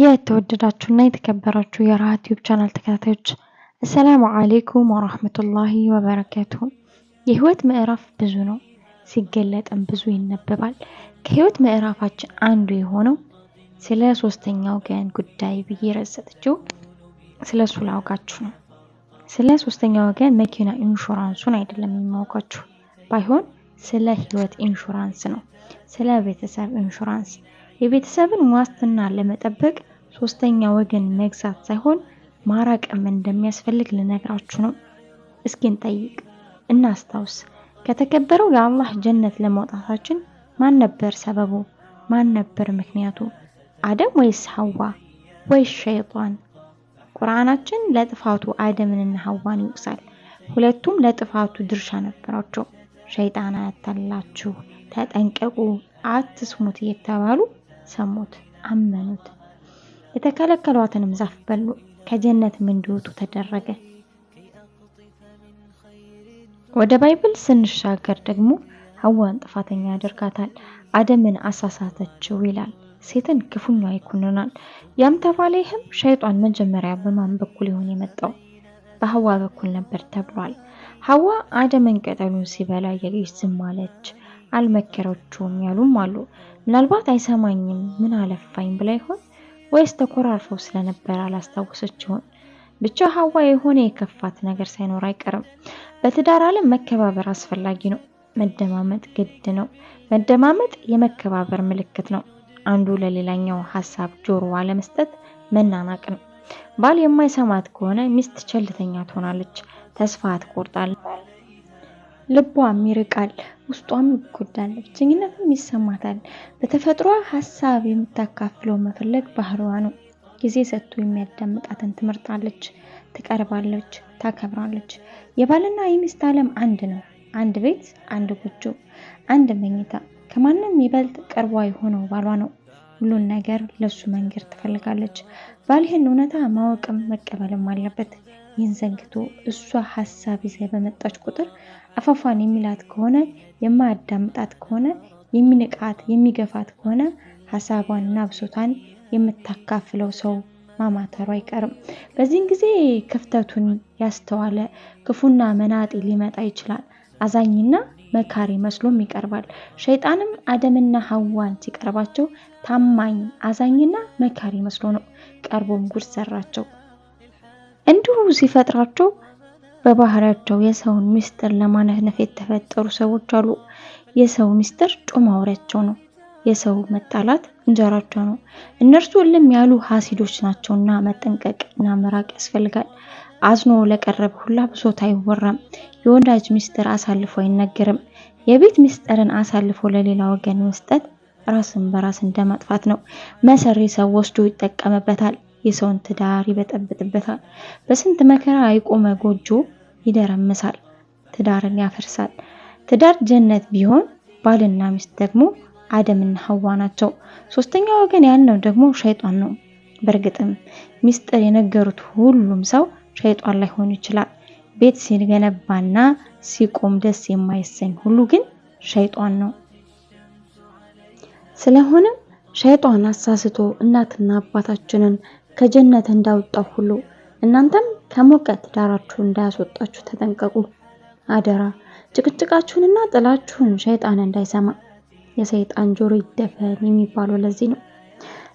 የተወደዳችሁና የተከበራችሁ የራሃ ቲዩብ ቻናል ተከታታዮች አሰላሙ አሌይኩም ወራህመቱላሂ ወበረከቱ የህይወት ምዕራፍ ብዙ ነው፣ ሲገለጥም ብዙ ይነበባል። ከህይወት ምዕራፋችን አንዱ የሆነው ስለ ሶስተኛ ወገን ጉዳይ ብዬ ረሰጥችው ስለ እሱ ላውጋችሁ ነው። ስለ ሶስተኛ ወገን መኪና ኢንሹራንሱን አይደለም የማውቃችሁ፣ ባይሆን ስለ ህይወት ኢንሹራንስ ነው፣ ስለ ቤተሰብ ኢንሹራንስ የቤተሰብን ዋስትና ለመጠበቅ ሶስተኛ ወገን መግዛት ሳይሆን ማራቅም እንደሚያስፈልግ ልነግራችሁ ነው። እስኪ እንጠይቅ፣ እናስታውስ። ከተከበረው የአላህ ጀነት ለመውጣታችን ማን ነበር ሰበቡ? ማን ነበር ምክንያቱ? አደም ወይስ ሐዋ ወይስ ሸይጣን? ቁርአናችን ለጥፋቱ አደምንና ሐዋን ይወቅሳል። ሁለቱም ለጥፋቱ ድርሻ ነበራቸው። ሸይጣን አያታላችሁ፣ ተጠንቀቁ፣ አትስሙት እየተባሉ ሰሙት፣ አመኑት። የተከለከሏትንም ዛፍ በሉ፣ ከጀነትም እንዲወጡ ተደረገ። ወደ ባይብል ስንሻገር ደግሞ ሐዋን ጥፋተኛ ያደርጋታል፣ አደምን አሳሳተችው ይላል። ሴትን ክፉኛ ይኮንናል። ያም ተባለይህም ሸይጧን መጀመሪያ በማን በኩል ይሆን የመጣው? በሐዋ በኩል ነበር ተብሏል። ሐዋ አደምን ቅጠሉን ሲበላ እያየች ዝም አለች። አልመከረችውም ያሉም አሉ። ምናልባት አይሰማኝም ምን አለፋኝ ብላ ይሆን ወይስ ተኮራርፈው ስለነበር አላስታወሰች ይሆን? ብቻ ሀዋ የሆነ የከፋት ነገር ሳይኖር አይቀርም። በትዳር ዓለም መከባበር አስፈላጊ ነው። መደማመጥ ግድ ነው። መደማመጥ የመከባበር ምልክት ነው። አንዱ ለሌላኛው ሀሳብ ጆሮ አለመስጠት መናናቅ ነው። ባል የማይሰማት ከሆነ ሚስት ቸልተኛ ትሆናለች፣ ተስፋ ትቆርጣለች። ልቧም ይርቃል፣ ውስጧም ይጎዳል፣ ብቸኝነትም ይሰማታል። በተፈጥሯ ሀሳብ የምታካፍለው መፈለግ ባህሪዋ ነው። ጊዜ ሰጥቶ የሚያዳምጣትን ትመርጣለች፣ ትቀርባለች፣ ታከብራለች። የባልና የሚስት ዓለም አንድ ነው። አንድ ቤት፣ አንድ ጎጆ፣ አንድ መኝታ። ከማንም ይበልጥ ቅርቧ የሆነው ባሏ ነው። ሁሉን ነገር ለሱ መንገር ትፈልጋለች። ባል ይህን እውነታ ማወቅም መቀበልም አለበት። ይህን ዘንግቶ እሷ ሀሳብ ይዛ በመጣች ቁጥር አፋፏን የሚላት ከሆነ የማያዳምጣት ከሆነ የሚንቃት የሚገፋት ከሆነ ሀሳቧንና ብሶቷን የምታካፍለው ሰው ማማተሩ አይቀርም። በዚህን ጊዜ ክፍተቱን ያስተዋለ ክፉና መናጤ ሊመጣ ይችላል። አዛኝና መካሪ መስሎም ይቀርባል። ሸይጣንም አደምና ሀዋን ሲቀርባቸው ታማኝ አዛኝና መካሪ መስሎ ነው። ቀርቦም ጉድ ሰራቸው። እንዲሁ ሲፈጥራቸው በባህሪያቸው የሰውን ምስጢር ለማነፍነፍ የተፈጠሩ ሰዎች አሉ። የሰው ምስጢር ጮማ ነው። የሰው መጣላት እንጀራቸው ነው። እነርሱ እልም ያሉ ሀሲዶች ናቸውና እና መራቅ ያስፈልጋል። አዝኖ ለቀረበ ሁላ ብሶት አይወራም። የወዳጅ ምስጢር አሳልፎ አይነገርም። የቤት ምስጢርን አሳልፎ ለሌላ ወገን መስጠት ራስን በራስ እንደማጥፋት ነው። መሰሪ ሰው ወስዶ ይጠቀምበታል። የሰውን ትዳር ይበጠብጥበታል። በስንት መከራ የቆመ ጎጆ ይደረምሳል፣ ትዳርን ያፈርሳል። ትዳር ጀነት ቢሆን ባልና ሚስት ደግሞ አደምና ሀዋ ናቸው። ሶስተኛ ወገን ያልነው ደግሞ ሸይጧን ነው። በእርግጥም ሚስጥር የነገሩት ሁሉም ሰው ሸይጧን ላይሆን ይችላል። ቤት ሲገነባና ሲቆም ደስ የማይሰኝ ሁሉ ግን ሸይጧን ነው። ስለሆነም ሸይጧን አሳስቶ እናትና አባታችንን ከጀነት እንዳወጣው ሁሉ እናንተም ከሙቀት ዳራችሁ እንዳያስወጣችሁ ተጠንቀቁ። አደራ ጭቅጭቃችሁንና ጥላችሁን ሸይጣን እንዳይሰማ የሰይጣን ጆሮ ይደፈን የሚባለው ለዚህ ነው።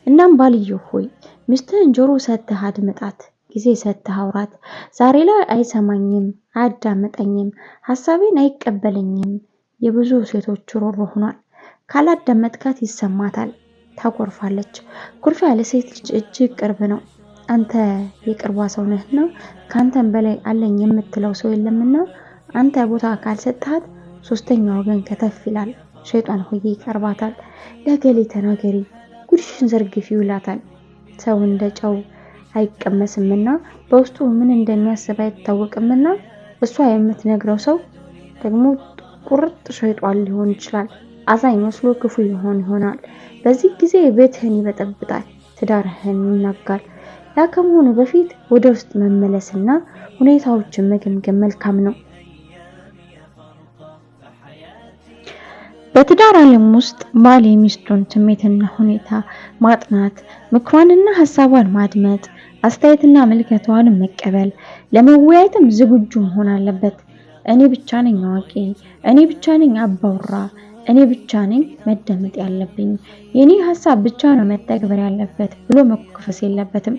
እናም ባልየው ሆይ ሚስትህን ጆሮ ሰጥተህ አድምጣት፣ ጊዜ ሰጥተህ አውራት። ዛሬ ላይ አይሰማኝም፣ አያዳምጠኝም፣ ሀሳቤን አይቀበለኝም የብዙ ሴቶች ሮሮ ሆኗል። ካላዳመጥካት ይሰማታል። ታጎርፋለች። ያለ ሴት ልጅ እጅግ ቅርብ ነው። አንተ የቅርቧ ሰው ነህ ነው? ከአንተም በላይ አለኝ የምትለው ሰው የለምና አንተ ቦታ ካልሰጥሃት ሶስተኛ ወገን ከተፍ ይላል። ሸይጣን ሆዬ ይቀርባታል። ለገሌ ተናገሪ፣ ጉድሽን ዘርግፊ ይውላታል። ሰው እንደ ጨው አይቀመስምና በውስጡ ምን እንደሚያስብ አይታወቅምና እሷ የምትነግረው ሰው ደግሞ ቁርጥ ሸይጧን ሊሆን ይችላል። አዛኝ መስሎ ክፉ ይሆን ይሆናል። በዚህ ጊዜ ቤትህን ይበጠብጣል፣ ትዳርህን ይናጋል። ያ ከመሆኑ በፊት ወደ ውስጥ መመለስና ሁኔታዎችን መገምገም መልካም ነው። በትዳር ዓለም ውስጥ ባል የሚስቱን ስሜትና ሁኔታ ማጥናት፣ ምክሯንና ሀሳቧን ማድመጥ፣ አስተያየትና ምልከቷን መቀበል፣ ለመወያየትም ዝግጁ መሆን አለበት። እኔ ብቻ ነኝ አዋቂ፣ እኔ ብቻ ነኝ አባውራ፣ እኔ ብቻ ነኝ መደመጥ ያለብኝ፣ የኔ ሀሳብ ብቻ ነው መተግበር ያለበት ብሎ መኮፈስ የለበትም።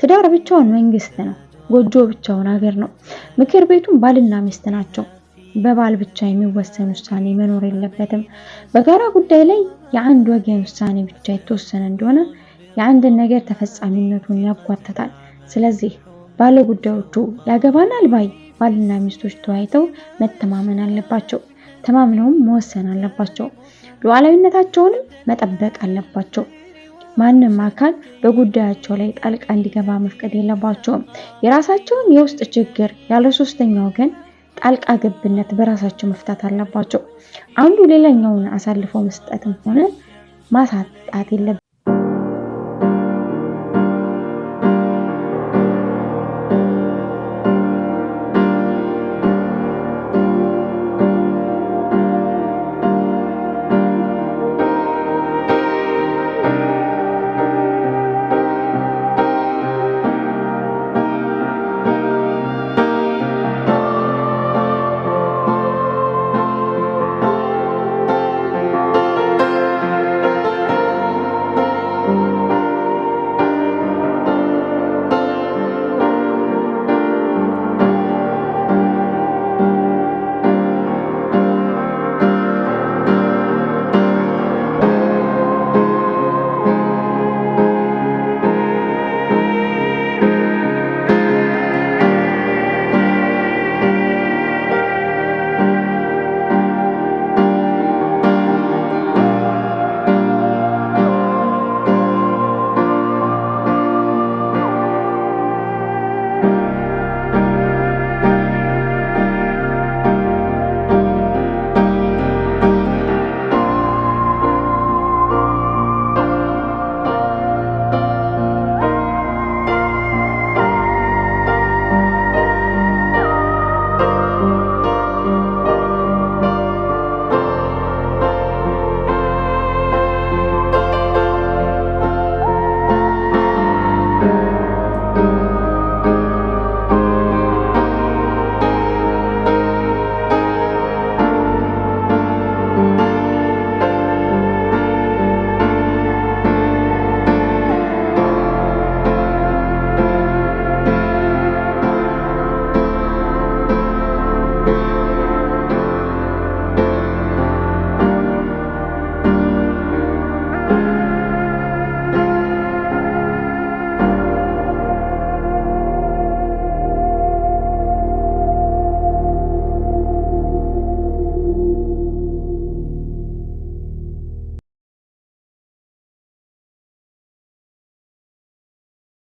ትዳር ብቻውን መንግስት ነው፣ ጎጆ ብቻውን ሀገር ነው፣ ምክር ቤቱም ባልና ሚስት ናቸው። በባል ብቻ የሚወሰን ውሳኔ መኖር የለበትም። በጋራ ጉዳይ ላይ የአንድ ወገን ውሳኔ ብቻ የተወሰነ እንደሆነ የአንድን ነገር ተፈጻሚነቱን ያጓተታል። ስለዚህ ባለጉዳዮቹ ያገባናል ባይ ባልና ሚስቶች ተወያይተው መተማመን አለባቸው። ተማምነውም መወሰን አለባቸው። ሉዓላዊነታቸውንም መጠበቅ አለባቸው። ማንም አካል በጉዳያቸው ላይ ጣልቃ እንዲገባ መፍቀድ የለባቸውም። የራሳቸውን የውስጥ ችግር ያለ ሶስተኛ ወገን ጣልቃ ገብነት በራሳቸው መፍታት አለባቸው። አንዱ ሌላኛውን አሳልፈው መስጠትም ሆነ ማሳጣት የለበትም።